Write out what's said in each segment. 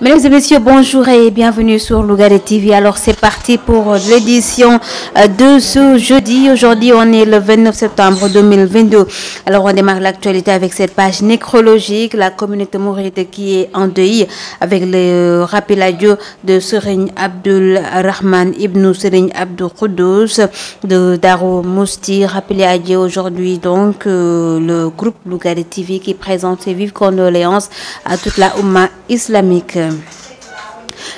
Mesdames et messieurs, bonjour et bienvenue sur Lugare TV. Alors c'est parti pour euh, l'édition euh, de ce jeudi. Aujourd'hui, on est le 29 septembre 2022. Alors on démarre l'actualité avec cette page nécrologique, la communauté mouride qui est en deuil avec le euh, rappel à Dieu de Serigne Abdul Rahman Ibn Serigne Abdul Khoudos de Daro Mousti. Rappelé à Dieu aujourd'hui donc le groupe Lugare TV qui présente ses vives condoléances à toute la Oumma islamique. Поздравляем.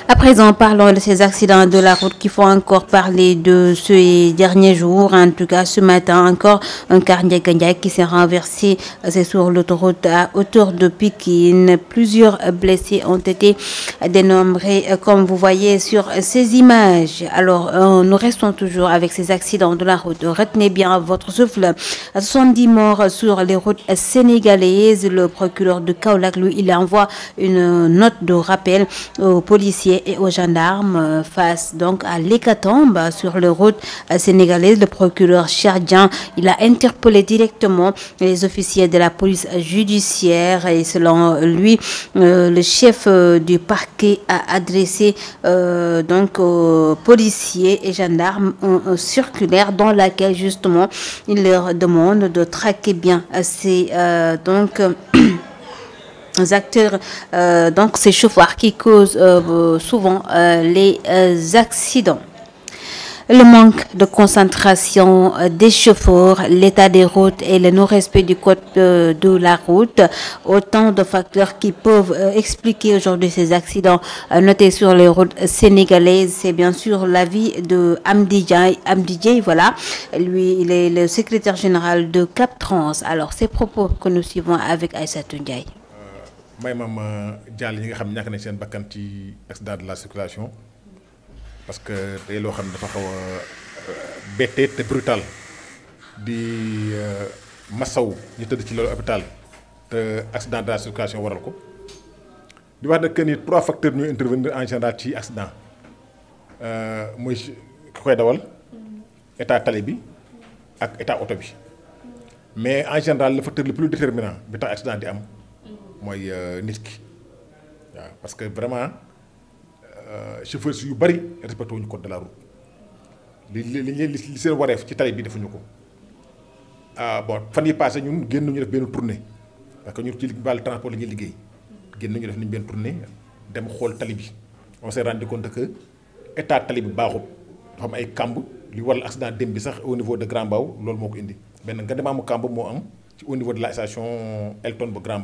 À présent, parlons de ces accidents de la route qui font encore parler de ces derniers jours. En tout cas, ce matin encore, un carnet qui s'est renversé. Euh, sur l'autoroute à hauteur de Pikine. Plusieurs blessés ont été dénombrés, euh, comme vous voyez sur ces images. Alors, euh, nous restons toujours avec ces accidents de la route. Retenez bien votre souffle. 70 morts sur les routes sénégalaises. Le procureur de Kaolak, lui, il envoie une note de rappel aux policiers et aux gendarmes euh, face donc à l'hécatombe sur la route euh, sénégalaise. Le procureur Chardien, il a interpellé directement les officiers de la police judiciaire et selon lui, euh, le chef du parquet a adressé donc aux policiers et gendarmes un, circulaire dans laquelle justement il leur demande de traquer bien ces donc acteurs, euh, donc ces chauffeurs qui causent euh, souvent euh, les accidents le manque de concentration des chauffeurs, l'état des routes et le non-respect du code de, la route, autant de facteurs qui peuvent expliquer aujourd'hui ces accidents notés sur les routes sénégalaises. C'est bien sûr l'avis de Amdijay. Amdijay, voilà, lui, il est le secrétaire général de Cap Trans. Alors, ces propos que nous suivons avec Aïssa Tundiaï may dial yi nga xam ñak nañ seen bakkan ci accident de la circulation parce que day lo xam dafa xaw a euh, brutal di euh, masaw ñu teud ci loolu hôpital te accident de la circulation waral ko di wax nag ni trois facteurs ñu intervenir en général ci accident euh moy koy dawal état talé bi ak état auto bi mais en général le facteur le plus déterminant bi tax accident di am mooy euh, nit parce que vraiment les euh, yu bari de la route li li li ci tali bi defuñu ko ah, bon passé ñun ñu def tournée parce que transport on s'est rendu compte que état tali bi ay li accident dem au niveau de Grand loolu moo ko au niveau de la station Elton de Grand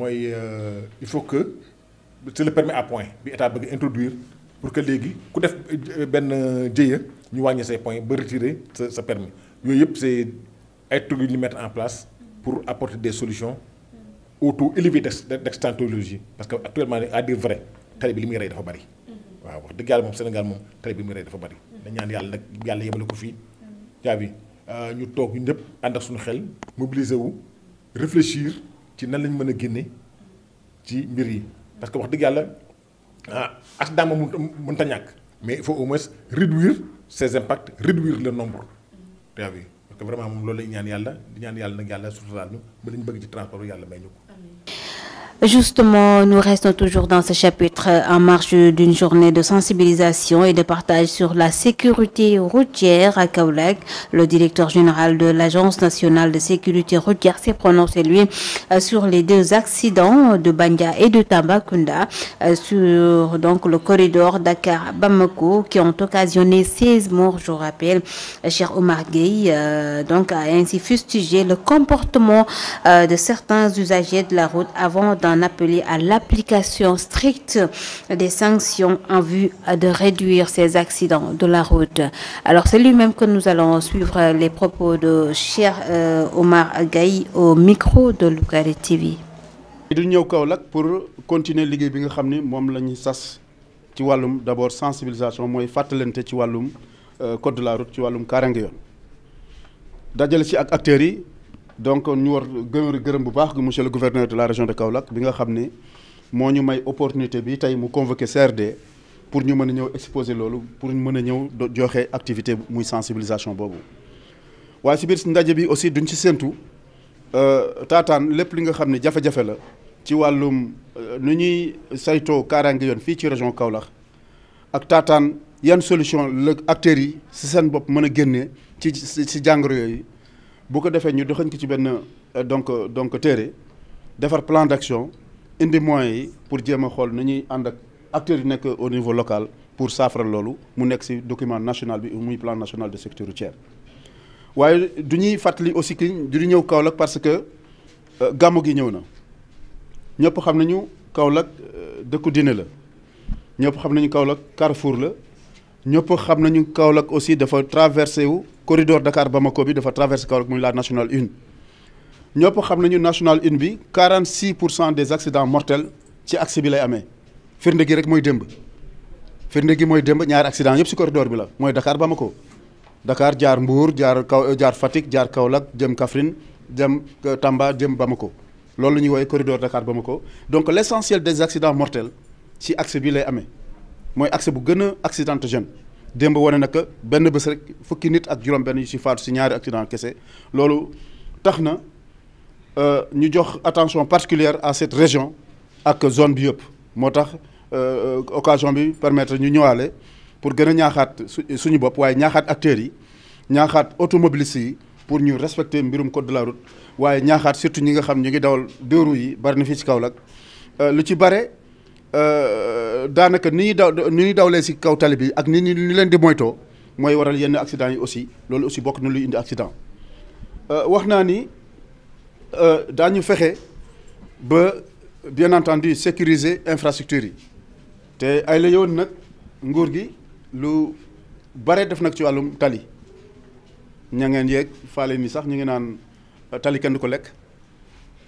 Euh, il faut que le permis à point bi état introduire pour que léegi ku def points retirer permis c'est ay mettre en place pour apporter des solutions autour élevé d'extantologie parce que actuellement à dire vrai tali bi li muy dafa bari waaw wax Sénégal tali bi dafa ñaan mobiliser réfléchir ci nan lañ mën a génne ci mbir yi parce que wax dëgg yàlla ah accident mu mu a ñàkk mais il faut au moins réduire ses impacts réduire le nombre tu as parce que vraiment moom loolu lañ ñaan yàlla di ñaan yàlla nag yàlla suturaal ñu ba lañ bëgg ci transport yàlla may ñu ko Justement, nous restons toujours dans ce chapitre en marge d'une journée de sensibilisation et de partage sur la sécurité routière à Kaolack. Le directeur général de l'Agence nationale de sécurité routière s'est prononcé, lui, euh, sur les deux accidents de Banga et de Tabakunda euh, sur donc, le corridor Dakar-Bamako qui ont occasionné 16 morts, je rappelle. Cher Omar Gueye euh, donc, a ainsi fustigé le comportement de certains usagers de la route avant d'un à l'application stricte des sanctions en vue de réduire ces accidents de la route. Alors c'est lui-même que nous allons suivre les propos de cher euh, Omar au micro de TV donc ñu war gën gërëm bu baax monsieur le gouverneur de la région de Kaolack bi nga xam ne moo ñu may opportunité bi tey mu convoquer CRD pour ñu mën ñëw exposer l'eau pour ñu mën nous ñëw activités activité muy sensibilisation Bobo. waaye c'est bien. ndaje bi aussi duñ ci séntu euh, taataan lépp li nga xam ne jafe-jafe la ci wàllum euh, nu ñuy saytoo kaaraange yoon fii ci région Kaolack ak taataan yan solution la acteurs yi si seen bopp mën a génnee ci si jàngoro Beaucoup de defee ñu doxañ ko ci benn euh, donc donc de faire plan d'action indi moyens pour dire a xool nous ñuy ànd ak acteurs yu au niveau local pour saafara loolu mu ex ci document national bi muy plan national de secteur routier. waaye du ñuy aussi que du ñu ñëw parce que euh, gàmmu gi ñëw na ñëpp xam nañu Kaolack euh, dëkku diine la ñëpp nous nañu Kaolack Carrefour la ñëpp xam nañu Kaolack aussi dafa traversé wu corridor Dakar Bamako bi dafa traversé Kaolack muy la nationale 1. ñëpp xam nañu nationale 1. bi 46 des accidents mortels ci axe bi lay amee firnde gi rek mooy démb firnde gi mooy démb ñaari accident yëpp si corridor bi la mooy Dakar Bamako Dakar jaar Mbour jaar Kaw jaar Fatick jaar Kaolack jëm Kaffrine jëm euh, Tamba jëm Bamako loolu la ñuy woowee corridor Dakar Bamako donc l'essentiel des accidents mortels ci axe bi lay amee moy accès bu gëna a accidentogène démb woné na que benn bés rek fukki nit ak juroom benn yu ci faatu ci ñaari accident kessé loolu taxna euh ñu jox attention particulière à cette région ak zone bi yëpp moo tax euh, occasion bi permettre ñu ñëwalé pour gëna a ñaaxaat suñu bop waaye ñaaxaat acteurs yi ñaaxaat automobilistes yi pour ñu respecter mbirum code de la route waye ñaaxaat surtout ñi nga xam ñi ngi dawal deux roues yi bari na fii ci Kaolack euh, lu ci baré euh, daanaka ni ñuy daw ni ñuy dawlee si kaw tali bi ak ni ñu ni leen di moytoo mooy waral yenn accident yi aussi loolu aussi bokk na luy indi accident euh, wax naa ni euh, daañu fexe ba bien entendu sécuriser infrastructure yi te ay la yoon nag nguur gi lu bare def nag ci wàllum tali ña ngeen yeeg faale ni sax ñu ngi naan tali kenn du ko lekk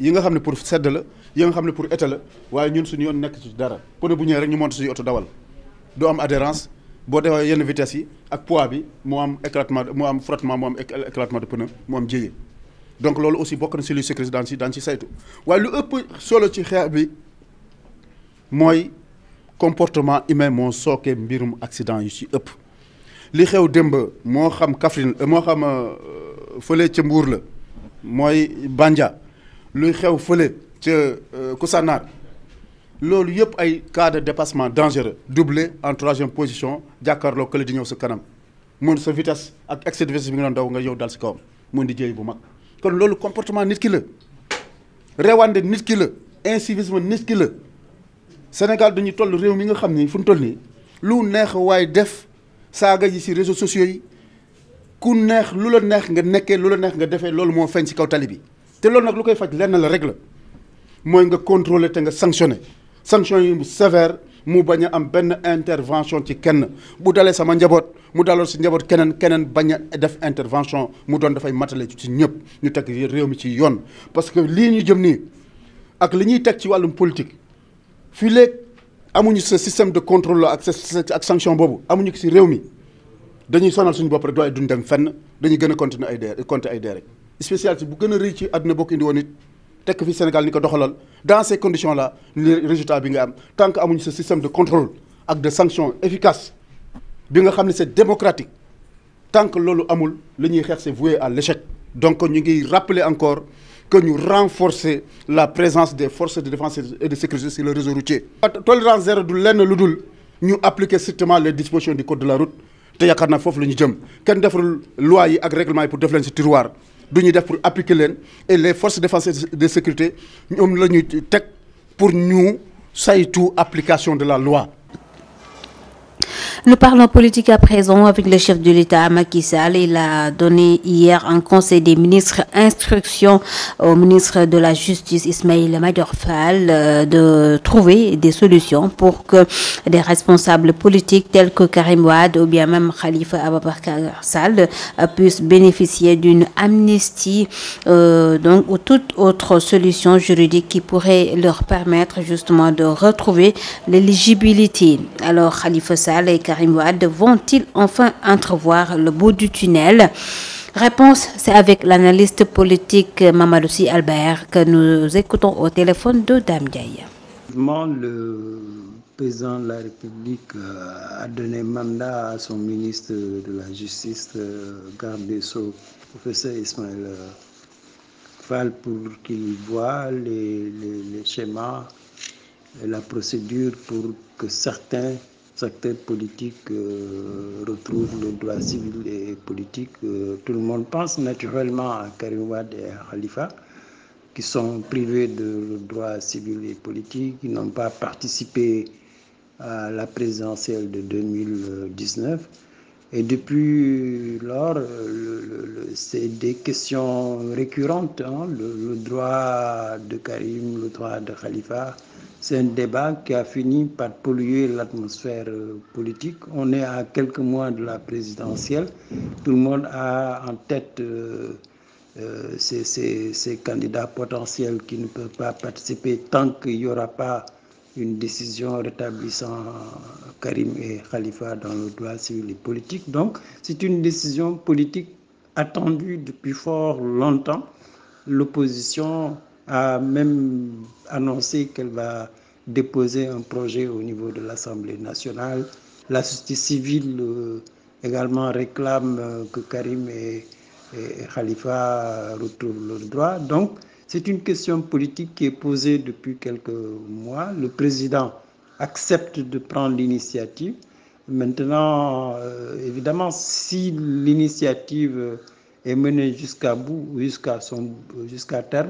yi nga xam ne pour sedd la yi nga xam ne pour été la waaye ñun suñu yoon nekk ci dara ku ne bu ñëwee rek ñu monte suñu oto dawal du am adhérence boo defee yenn vitesse yi ak poids bi mu am éclatement mu am frottement mu am éclatement de pneu mu am jéyee donc loolu aussi bokk na si luy sécurité daan si daan si saytu waaye lu ëpp solo ci xeex bi mooy comportement humain moo sookee mbirum accident yu si ëpp li xew démb moo xam Kaffrine moo xam euh, fële ci Mbuur la mooy Bandia luy xew fële ca euh, Koussanar loolu yëpp ay cas de dépassement dangereux doublé en troisième position jàkkaarloo kële di ñëw sa kanam mun sa vitesse ak excès de vitesse bi nga doon daw nga yow dal si kawam mun di jéey bu mag kon loolu comportement nit ki la rewande nit ki la incivisme nit ki la Sénégal duñu toll réew mi nga xam ni fu mu toll nii lu neex waaye def saaga yi si réseaux sociaux yi ku neex lu la neex nga nekkee lu la neex nga defee loolu moo feeñ si kaw tali bi te loolu nag lu koy faj lenn la rek la mooy nga contrôler te nga sanctionné sanction yi sévère mu bañ a am benn intervention ci kenn bu dalee sama njaboot mu daloo si njaboot keneen keneen bañ a def intervention mu doon dafay matale ci ñëpp ñu teg réew mi ci yoon. parce que lii ñu jëm nii ak li ñuy teg ci wàllum politique fii léegi amuñu sa système de contrôle ak ak sanction boobu amuñu ko si réew mi dañuy sonal suñu bopp rek doo ay duñ dem fenn dañuy gën a continuer ay dee compter ay dee rek spécialité bu gën a rëy ci àdduna bokk indi woon it Sénégal dans ces conditions là le résultat bi nga am tant que amuñu ce système de contrôle ak de sanctions efficaces, bi nga xam c'est démocratique tant que loolu amul est ñuy voué à l'échec donc ñu ngi rappeler encore que ñu renforcer la présence des forces de défense et de sécurité sur le réseau routier. tolérance zéro du lenn lu ñu appliquer strictement les dispositions du code de la route te yaakaar naa foofu la ñu jëm kenn deful loi yi ak règlement yi pour def leen ci tiroir duñu def pour appliquer leen et les forces de défense et de sécurité ñoom la ñuy teg pour ñu saytu application de la loi nous parlons politique à présent avec le chef de l'État, Macky Sall. Il a donné hier en conseil des ministres instruction au ministre de la Justice, Ismail Madorfal, euh, de trouver des solutions pour que des responsables politiques tels que Karim Ouad ou bien même Khalifa Ababakar Sall puissent bénéficier d'une amnistie euh, donc, ou toute autre solution juridique qui pourrait leur permettre justement de retrouver l'éligibilité. Alors Khalifa Sall et Karim vont-ils enfin entrevoir le bout du tunnel Réponse, c'est avec l'analyste politique Mamadouci Albert que nous écoutons au téléphone de Dame Damdiaye. Le président de la République euh, a donné mandat à son ministre de la Justice, euh, garde des professeur Ismaël euh, Fall, pour qu'il voit les, les schémas, la procédure pour que certains acteurs politiques euh, retrouve le droit civil et politique. Euh, tout le monde pense naturellement à Karim Wade et à Khalifa, qui sont privés de droit civil et politique, qui n'ont pas participé à la présidentielle de 2019. Et depuis lors, c'est des questions récurrentes, hein, le, droit de Karim, le droit de Khalifa, c'est un débat qui a fini par polluer l'atmosphère euh, politique. On est à quelques mois de la présidentielle. Tout le monde a en tête euh, euh, ces, ces, candidats potentiels qui ne peuvent pas participer tant qu'il n'y aura pas une décision rétablissant Karim et Khalifa dans le droit civil et politique. Donc, c'est une décision politique attendue depuis fort longtemps. L'opposition a même annoncé qu'elle va déposer un projet au niveau de l'Assemblée nationale. La société civile euh, également réclame euh, que Karim et, Khalifa retrouvent leurs droits. Donc, c'est une question politique qui est posée depuis quelques mois. Le président accepte de prendre l'initiative. Maintenant, euh, évidemment, si l'initiative est menée jusqu'à bout, jusqu'à jusqu'à terme,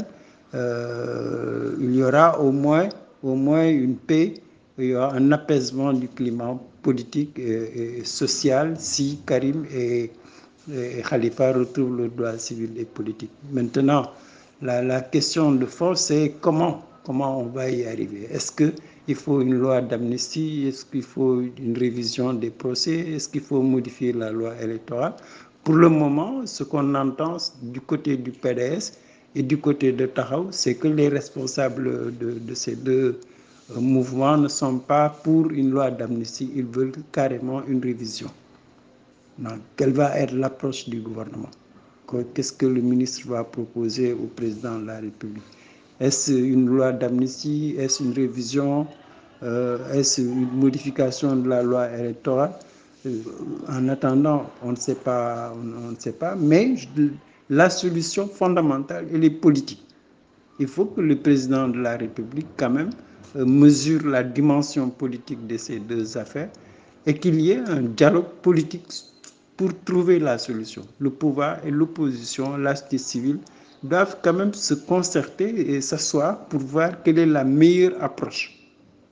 euh, il y aura au moins, au moins une paix, il y aura un apaisement du climat politique et, social si Karim et, Khalifa retrouvent le droit civil et politique. Maintenant, la, question de force c'est comment, comment on va y arriver. Est-ce qu'il faut une loi d'amnistie Est-ce qu'il faut une révision des procès Est-ce qu'il faut modifier la loi électorale Pour le moment, ce qu'on entend du côté du PDS, et du côté de Tahaou, c'est que les responsables de, ces deux euh, mouvements ne sont pas pour une loi d'amnistie, ils veulent carrément une révision. quelle va être l'approche du gouvernement Qu'est-ce que le ministre va proposer au président de la République Est-ce une loi d'amnistie Est-ce une révision euh, Est-ce une modification de la loi électorale euh, En attendant, on ne sait pas, on, on ne sait pas. Mais la solution fondamentale, elle est politique. Il faut que le président de la République, quand même, euh, mesure la dimension politique de ces deux affaires et qu'il y ait un dialogue politique pour trouver la solution. Le pouvoir et l'opposition, la civil, civile, doivent quand même se concerter et s'asseoir pour voir quelle est la meilleure approche.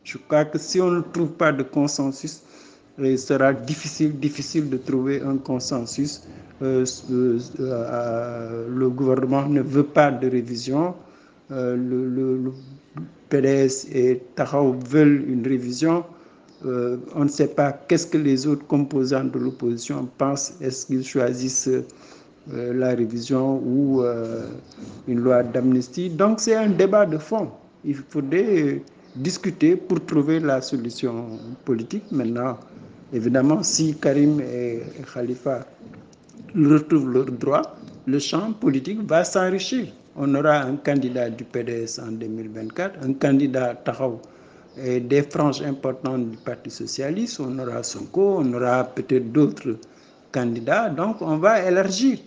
Je crois que si on ne trouve pas de consensus, euh, il sera difficile, difficile de trouver un consensus euh, euh, euh, le gouvernement ne veut pas de révision. Le, PDS et Tarao veulent une révision. on ne sait pas qu'est-ce que les autres composants de l'opposition pensent. Est-ce qu'ils choisissent la révision ou une loi d'amnistie Donc c'est un débat de fond. Il faudrait discuter pour trouver la solution politique. Maintenant, évidemment, si Karim et Khalifa retrouvent leurs droits, le champ politique va s'enrichir. On aura un candidat du PDS en 2024, un candidat Tahaou et des franges importantes du Parti socialiste, on aura Sonko, on aura peut-être d'autres candidats. Donc on va élargir,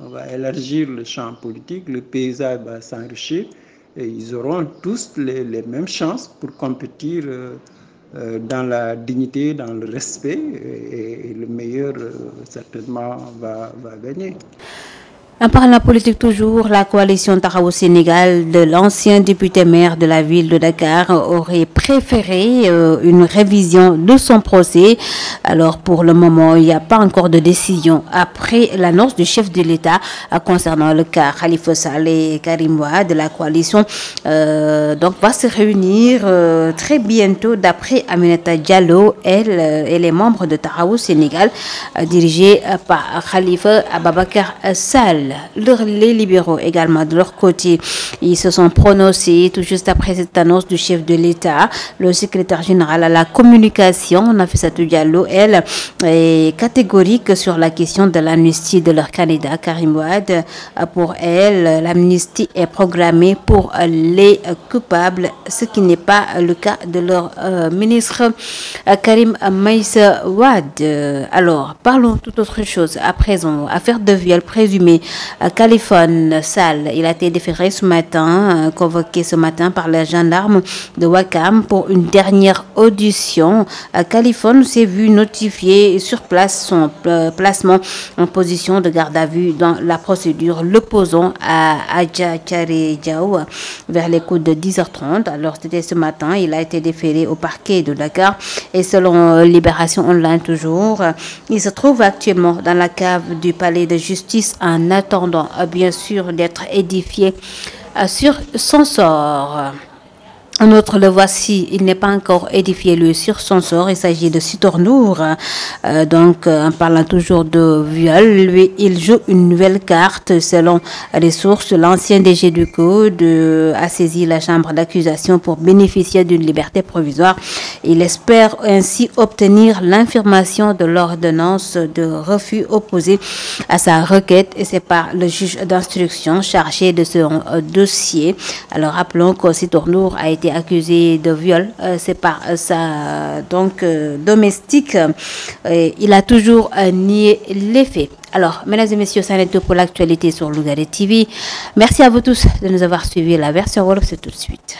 on va élargir le champ politique, le paysage va s'enrichir et ils auront tous les, mêmes chances pour compétir. Euh, euh, dans la dignité, dans le respect, et, le meilleur euh, certainement va gagner. Par la politique toujours, la coalition Tarao Sénégal de l'ancien député maire de la ville de Dakar aurait préféré euh, une révision de son procès. Alors pour le moment, il n'y a pas encore de décision après l'annonce du chef de l'État euh, concernant le cas Khalifa Saleh Karimwa de la coalition. Euh, donc va se réunir très bientôt d'après Aminata Diallo, elle et les membres de Tarao Sénégal dirigés par Khalifa Ababakar Sall les libéraux également, de leur côté, ils se sont prononcés tout juste après cette annonce du chef de l'État. Le secrétaire général à la communication, a fait on Nafissatou Diallo, elle, est catégorique sur la question de l'amnistie de leur candidat, Karim Ouad. Pour elle, l'amnistie est programmée pour les coupables, ce qui n'est pas le cas de leur euh, ministre Karim Maïs Ouad. Alors, parlons toute autre chose. À présent, affaire de viol présumé euh, Caliphone salle il a été déféré ce matin, euh, convoqué ce matin par les gendarmes de Wakam pour une dernière audition. Euh, Caliphone s'est vu notifier sur place son placement en position de garde à vue dans la procédure l'opposant à Adja Diaw vers les coups de 10h30. Alors c'était ce matin, il a été déféré au parquet de Dakar et selon Libération Online toujours, il se trouve actuellement dans la cave du palais de justice en Nature attendant euh, bien sûr d'être édifié euh, sur son sort en outre le voici, il n'est pas encore édifié lui sur son sort. Il s'agit de Sitornour. Euh, donc, euh, en parlant toujours de viol, lui, il joue une nouvelle carte. Selon les sources, l'ancien DG du Code a saisi la chambre d'accusation pour bénéficier d'une liberté provisoire. Il espère ainsi obtenir l'information de l'ordonnance de refus opposé à sa requête et c'est par le juge d'instruction chargé de ce euh, dossier. Alors, rappelons que Sitornour a été accusé de viol. Euh, c'est par sa euh, donc euh, domestique. il a toujours nié les faits. Alors, mesdames et messieurs, ça n'est tout pour l'actualité sur Lugaré TV. Merci à vous tous de nous avoir suivis. La version Wolof, c'est tout de suite.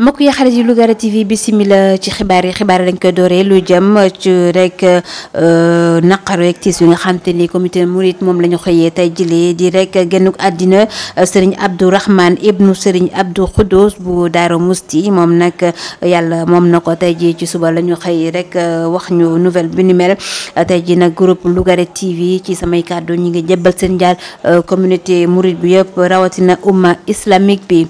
mbokk yi xarit yi Lougaré TV bisimila ci xibaar yi xibaar yi dañ koy doree lu jëm ci rek euh, naqar rek tiis yi nga xamante ni comité Mouride moom la ñu xëyee tey jilee di rek gennuk àddina euh, Serigne Abdou Rahman ibnu Serigne Abdou Khoudous bu Daaru Musti moom nag yàlla moom na ko tey ji ci suba la ñu xëy rek euh, wax ñu nouvelle bi ni tey ji nag groupe Lougaré TV ci samay kàddu ñu ngi jëbbal seen njaal communauté Mouride bi yëpp rawatina umma islamique bi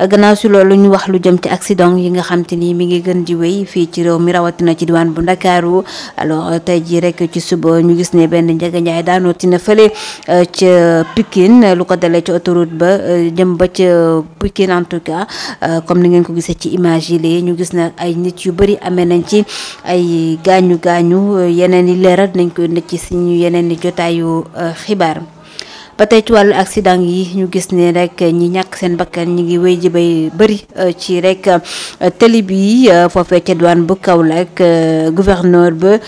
gannaaw si loolu ñu wax lu jëm ci accident yi nga xam te ni mi ngi gën di wéy fii ci réew mi rawatina ci diwaan bu ndakaaru alors tey jii rek ci suba ñu gis ne benn Ndiaga Ndiaye daanoo tina fële euh, ca pikin lu ko dalee ca autoroute ba euh, jëm ba ca Pikine en tout cas euh, comme ni ngeen ko gisee ci image yi léegi ñu gis na ay nit yu bëri amee nañ ci ay gaañu gaañu yeneen i leeral nañ ko nekk ci suñu yeneen yi jotaayu xibaar. ba tey ci wàllu accident yi ñu gis ne rek ñi ñàkk seen bakkan ñi ngi wéy bay bëri euh, ci rek euh, télé bi euh, foofee ca douane bu kaolack gouverneur ba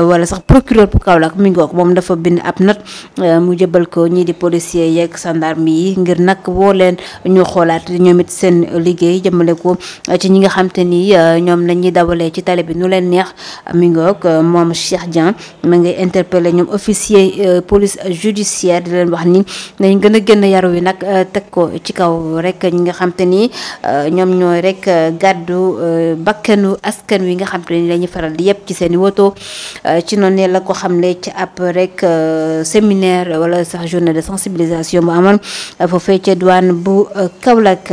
wala sax procureur bu kaolack mi ngoog moom dafa bind ab nat mu jëbal ko ñii di policier yeeg gendarme yi ngir nag woo leen ñu xoolaat ñoom it seen liggéey jëmale ko ci ñi nga xam te ni ñoom la ci télé bi nu leen neex mi ngoog moom cheikh dian ma ngay interpellé ñoom officier police judiciaire leen wax ni nañ gën a génn yaru wi nag euh, teg ko ci kaw rek ñi nga xam te ni euh, ñoom ñooy rek euh, gàddu bakkanu askan wi nga xam te ni faral di yëpp ci seen i woto ci noonu la ko xamle ci ab rek séminaire wala sax journée de sensibilisation bu amoon foofee ca douane bu Kaolack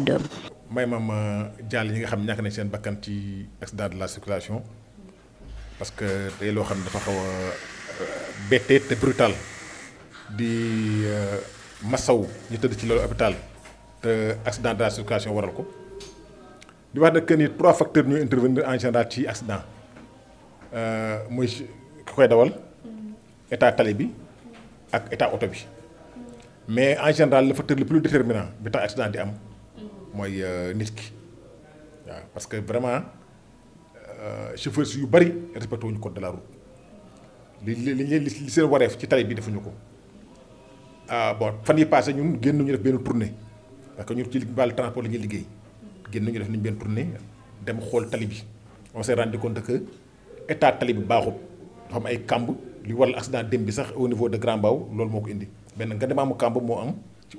Même Dôme. may maam jàll ñi nga accident de la circulation parce que les lois xam ne dafa brutale de ou brutal di euh, masaw ñu accident de la circulation waral ko di wax trois facteurs qui intervenir en général ci accident moi je crois dawal état tali bi ak état autobus. mais en général le facteur le plus déterminant bi tax accident di mooy euh, nit parce que vraiment euh, chauffeurs yu bari respecté wuñu code de la route li li li ci tali bi defuñu ko ah bon passé ñun ñu def tournée parce que ci transport ñu tournée dem tali on s'est rendu compte que état tali bi ay li waral accident dem bi au niveau de Grand loolu moo ko indi benn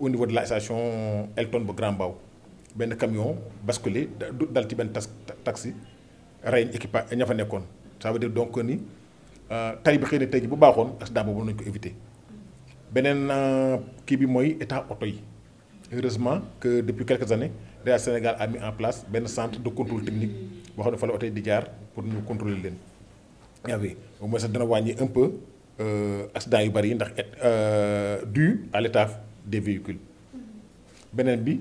au niveau de la station Elton de Grand un camion basculé dal ci benn taxi rey équipage ña fa ça veut dire donc ni euh, tali bi xéne tay bu baaxoon accident boobu nañu ko éviter benen euh, ki bi moy état auto yi heureusement que depuis quelques années Le Sénégal a mis en place un centre de contrôle technique boo xam fa la di jaar pour ñu contrôler len yaa au moins ça dana wàññi un peu euh, accident yu bari ndax euh dû à l'état des véhicules benen bi.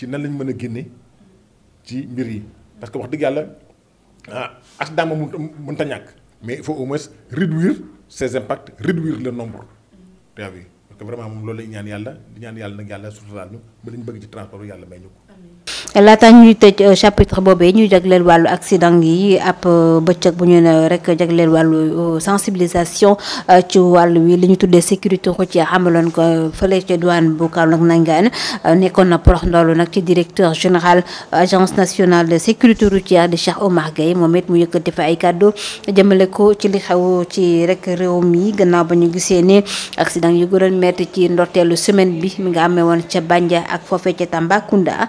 ci nan lañ mën a génne ci mbir yi parce que wax dëgg yàlla ah accident moom mënta ñàkk mais il faut moins réduire ses impacts réduire le nombre tu as vu parce que vraiment moom loolu lañ ñaan yàlla di ñaan yàlla nag yàlla suturaal ñu ba lañ bëgg ci transport yàlla may ñu ko laata ñuy tëj euh, chapitre boobee ñuy jagleel wàllu accident yi ab euh, bëccëg bu ñu nee rek jagleel wàllu euh, sensibilisation ci wàllu wi li ñu tuddee sécurité routière amaloon ko fële ci douane bu Kaolack nangaan nekkoon na porox ndoolu nag ci directeur général agence nationale de sécurité routière di Cheikh Omar Gueye moom it mu yëkkati fa ay kàddu jëmale ko ci li xew ci rek réew mi gannaaw ba ñu gisee ne accident yu gënoon metti ci ndorteelu semaine bi mi nga amee woon ca Bandia ak foofee ca Tambacounda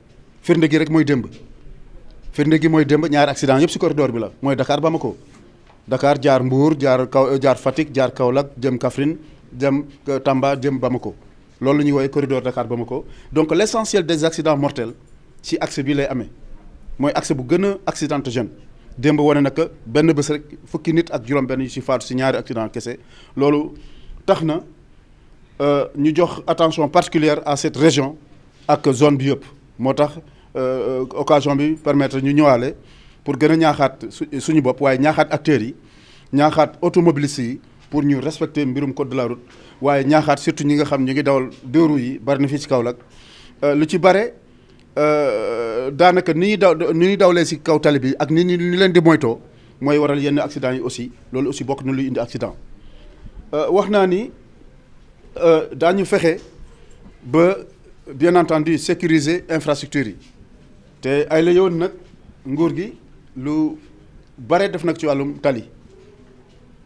firnde gi rek moy demb firnde gi mooy demb, ñaari accident yëpp ci corridor bi la moy Dakar Bamako Dakar jaar Mbour jaar kaw jaar fatik jaar Kaolack dem kafrine dem euh, Tamba dem Bamako loolu la ñuy corridor Dakar Bamako donc l' essentiel des accidents mortels ci axe bi lay amee mooy axe bu gën a accidentogène démb wane na benn bés rek fukki nit ak juróom-benn yu si faatu si ñaari accident kese loolu tax na euh, ñu jox attention particulière à cette région ak zone bi yëpp. moo tax euh, euh, occasion bi permettre ñu ñëwaale pour gën a ñaaxaat su suñu bopp waaye ñaaxaat acteurs yi ñaaxaat automobilistes yi pour ñu respecter mbirum code de la route waaye ñaaxaat surtout ñi nga xam ñu ngi dawal deux roues yi bari na fii ci Kaolack euh, lu ci bare daanaka ni ñuy daw ni ñuy dawlee si kaw tali bi ak ni ñu leen di moytoo mooy waral yenn accident yi aussi loolu aussi bokk na luy indi accident wax naa ni daañu fexe ba. bien entendu sécuriser infrastructure té ay la yoon nag nguur gi lu bare def nak ci walum tali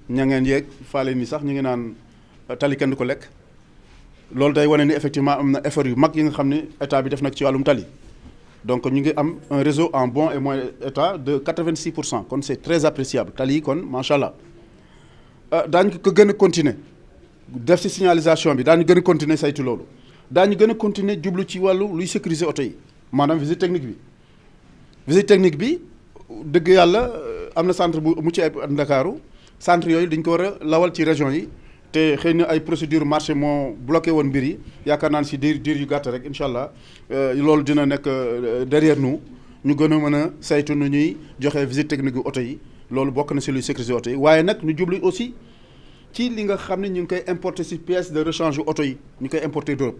ña ngeen yeeg faale ni sax ñi ngi naan euh, tali kenn ko lek lool day wone ni effectivement am na effort yu mag yi nga xam état bi def nak ci walum tali donc ñu ngi am un réseau en bon et état de 86 kon c'est très appréciable tali kon machallah euh daañu ko gën continuer def ci signalisation bi daañu gën continuer saytu loolu. daañu gën a continuer jublu ci wàllu luy sécuriser oto yi maanaam visite technique bi visite technique bi dëgg yàlla euh, am na centre bu mucc ay Ndakaaru centre yooyu dañ ko war a lawal ci région yi te xëy na ay procédure marché moo bloqué woon mbir yi yaakaar naa ne si diir diir yu gàtt rek incha allah euh, loolu dina nekk euh, derrière nous ñu gën a mën a saytu nu ñuy joxe visite technique yu oto yi loolu bokk na si luy sécuriser oto yi waaye nag ñu jublu aussi ci li nga xam ne ñu ngi koy importer si pièces de rechange yu yi ñu koy importer d'Europe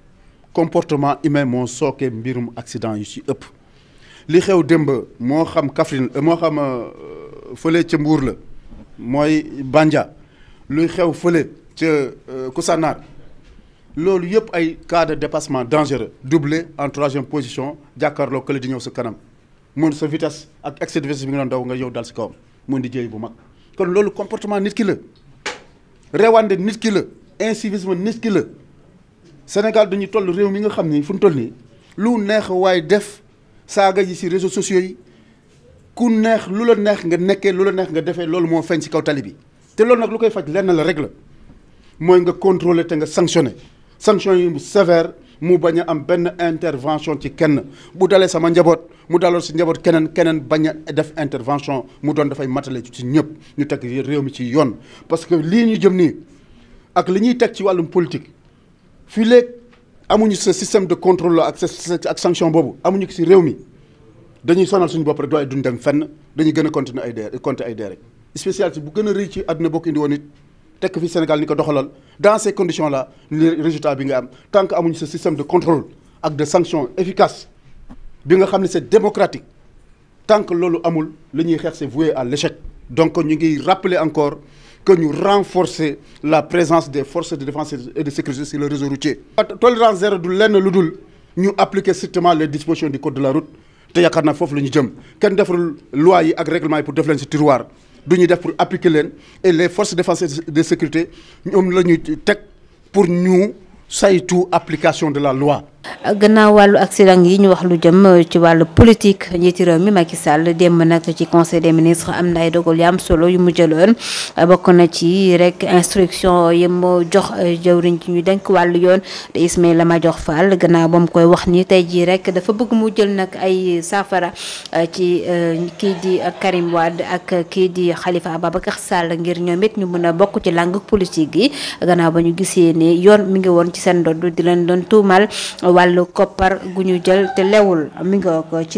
comportement humain mon sooke mbirum accident yu ci ëpp li xew démb mo xam Kaffrine mo xam feulé ci Mbour la moy Bandia luy xew feulé ci Koussanar loolu yëpp ay cas de dépassement dangereux doublé en troisième position jakarlo kële di ñëw sa kanam mun sa vitesse ak excès de vitesse bi nga doon nga yow dal ci kawam mun di jey bu mag kon loolu comportement nit ki la rewande nit ki la incivisme nit ki la Sénégal dañuy toll réew mi nga xam ni fu mu toll nii lu neex waaye def saaga yi ci réseau sociaux yi ku neex lu la neex nga nekkee lu la neex nga defee loolu moo feeñ ci kaw tali bi te loolu nag lu koy faj lenn la rek la mooy nga contrôler te nga sanctionner sanction yi mu sévère mu bañ a am benn intervention ci kenn bu dalee sama njaboot mu daloo si njaboot keneen keneen bañ a def intervention mu doon dafay matale ci ñëpp ñu teg réew mi ci yoon parce que lii ñu jëm nii ak li ñuy teg ci wàllum politique. fii léegi amuñu ce système de contrôle ak sa ak sanction bobu amuñu ci si réew mi dañuy sonal suñu bop rek do ay dundem fenn dañuy gëna continuer ay dee compter ay dér rek spécialité bu gëna a ci aduna bokk indi wonit tek fi Sénégal ni ko doxalal dans ces conditions là résultat bi nga am tant que amuñu ce système de contrôle ak de sanction efficace bi nga xamné c'est démocratique tant que lolu amul li ñuy c'est voué à l'échec donc ñu ngi rappeler encore que nous renforcer la présence des forces de défense et de sécurité sur le réseau routier. tolérance zéro du lenn lu nous appliquons strictement les dispositions du code de la route te avons fait foofu ñu jëm la loi yi ak règlement pour def des tiroirs, nous du pour appliquer et les forces de défense et de sécurité Nous la ñuy teg pour ñu tout, application de la loi. gannaaw wàllu accident yi ñu wax lu jëm ci wàllu politique njiiti réew mi Macky Sall démb nag ci conseil des ministres am na ay dogal yu am solo yu mu jëloon bokk na ci rek instruction yi jox jëwriñ ci ñu denk wàllu yoon te Ismaïla Madior Fall gannaaw ba mu koy wax ni tey jii rek dafa bëgg mu jël nag ay saafara euh, ci euh, kii di Karim Wade ak kii di Khalifa Ababacar sàll ngir ñoom it ñu mën a bokk ci langue politique yi gannaaw ba ñu gisee ne yoon mu ngi woon ci seen dodd di leen doon tuumal wàllu koppar gu ñu jël te lewul mi nga ko ci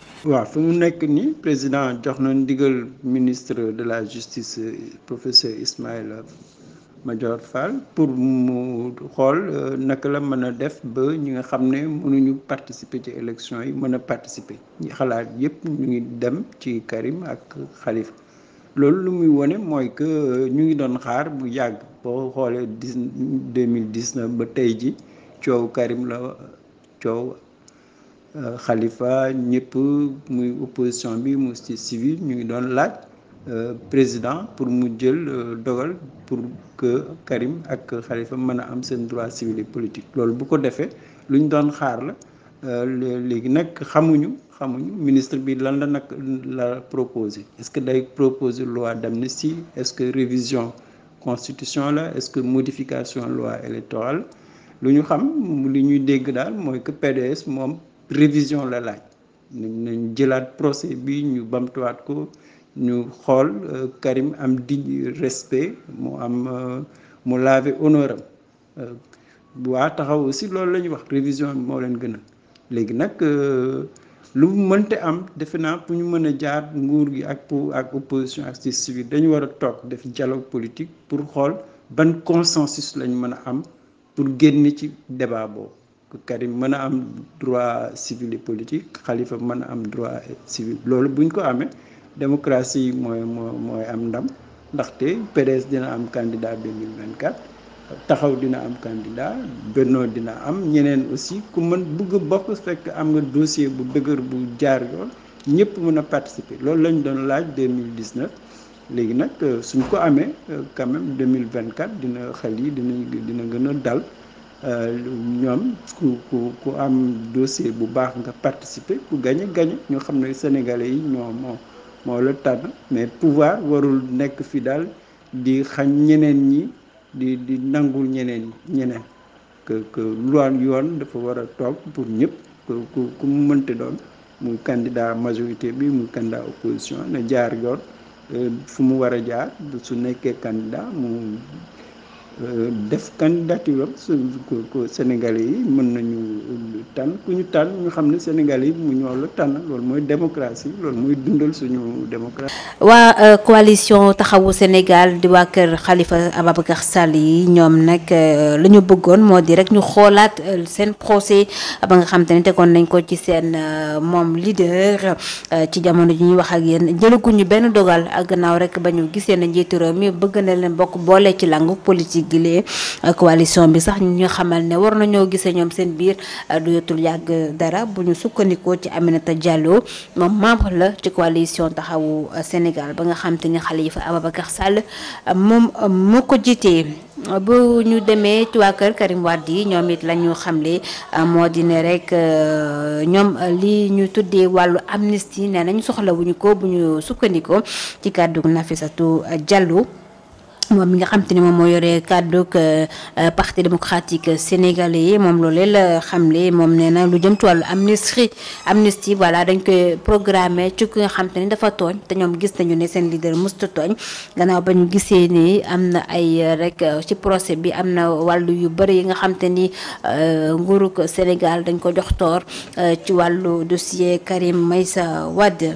waaw fi mu nekk nii président jox na ndigal ministre de la justice professeur Ismaïla major Fall pour mu xool euh, naka la mën a def ba ñi nga xam ne mënuñu participer ci élection yi mën a participer ñi xalaat yépp ñu ngi dem ci Karim ak Khalifa loolu lu muy wone mooy que euh, ñu ngi doon xaar bu yàgg boo xoolee dix deux ba tey ji coow Karim la coow euh, khalifa ñëpp muy opposition bi mu ci civil ñu ngi doon laaj euh, président pour mu jël euh, dogal pour que Karim ak Khalifa mën a am seen droit civil et politique loolu bu ko defee lu ñu doon xaar la léegi nag xamuñu xamuñu ministre bi lan la nag la proposer est-ce que day proposer loi d'amnistie est-ce que révision constitution la est-ce que modification loi électorale lu ñu xam li ñuy dégg daal mooy que PDS moom révision la laaj nañ jëlaat procès bi ñu bamtuwaat ko ñu xool euh, Karim am digne respect mu am euh, mu laver honneur am euh, waa taxaw aussi loolu la wax révision bi moo leen gënal léegi nag lu mënte am defe naa pour ñu mën a jaar nguur gi ak pour ak opposition ak société civile dañu war a toog def dialogue politique pour xool ban consensus lañ mën a am pour génn ci débat boobu Karim mën a am droit civil et politique Khalifa mën a am droit civil loolu buñ ko amee démocratie mooy mooy am ndam ndaxte PDS dina am candidat 2024 taxaw dina am candidat bennoo dina am ñeneen aussi ku mën bëgg bokk fekk am nga dossier bu dëgër bu jaar yoon ñëpp mën a participer loolu lañ doon laaj 2019 léegi nag euh, suñ ko amee euh, quand même 2024 dina xel yi dina dina gën a dal Euh, ñoom ku ku ku am dossier bu baax nga participer ku gañe gañe ñoo xam ne sénégalais yi ñoo moo moo la tànn mais pouvoir warul nekk fi daal di xañ ñeneen ñi di di nangul ñeneen ñeneen que que loi yoon dafa war a toog pour ñëpp ku ku mu mënte doon muy candidat majorité bi muy candidat opposition ne jaar yoon euh, fu mu war a jaar su nekkee candidat mu def candidature am su ko ko sénégalais yi mën nañu tànn ku ñu tànn ñu xam ne sénégalais yi mu ñoo la tànn loolu mooy démocratie loolu mooy dundal suñu démocratie. waa euh, coalition taxawu Sénégal di waa kër Khalifa Ababacar Sall yi ñoom nag euh, la ñu bëggoon moo di rek ñu xoolaat euh, seen procès ba nga xam te ne tegoon nañ ko ci seen moom leader ci jamono ji ñuy wax ak yéen jëlaguñu benn dogal ak gannaaw rek ba ñu gisee na njiitu réew mi bëgg na leen bokk boole ci langu politique. jiggilee euh, coalition bi sax ñu xamal ne war nañoo gisee ñoom seen biir euh, du yotul yàgg dara bu ñu sukkandikoo ci Aminata Diallo moom membre la ci coalition taxawu euh, Sénégal ba nga xam te ni Khalifa Ababacar Sall moom moo ko jiitee bu ñu demee ci waa kër Karim Wade ñoom it la ñu xamle moo di ne rek ñoom li ñu tuddee wàllu amnistie nee nañ soxlawuñu ko bu ñu sukkandikoo ci kàddu Nafissatou Diallo moom mi nga xam ni moom moo yore kàddug euh, euh, parti démocratique sénégalais yi moom loolee la xamle moom nee na lu jëm ci wàllu amnistie amnistie voilà dañ koy programmé ci ki nga xam te ne dafa tooñ te ñoom gis nañu ne seen leader musta tooñ gannaaw ba ñu gisee nii am na ay euh, rek ci procès bi am na wàllu yu bëri yi nga xam ni ni nguurug Sénégal dañ ko jox toor ci wàllu dossier Karim Meïssa wadd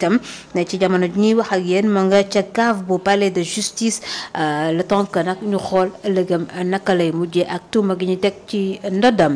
itam ci jamono ji ñuy wax ak yéen mu nga ca cave bu pale de justice euh, le temps que nag ñu xool ëllëgam naka lay mujjee ak tuuma gi ñu teg ci ndodam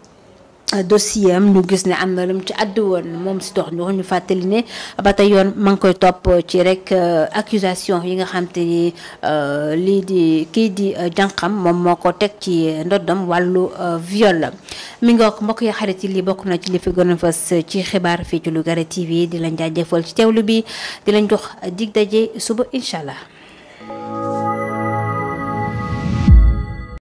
dossier am gis ne am na lu ci àddu woon moom si dox ñu fàttali ne ba tey yoon ma ngi koy topp ci rek euh, accusation yi nga xam te ni euh, lii di kii di euh, jànqam moom moo ko teg ci ndoddam wàllu viol mi ngi wax mbokk yi xarit yi lii bokk na ci li fi gën a fës ci xibaar fii ci Lougaré TV di lañ jaajëfal ci teewlu bi di lañ jox dig daje suba incha allah.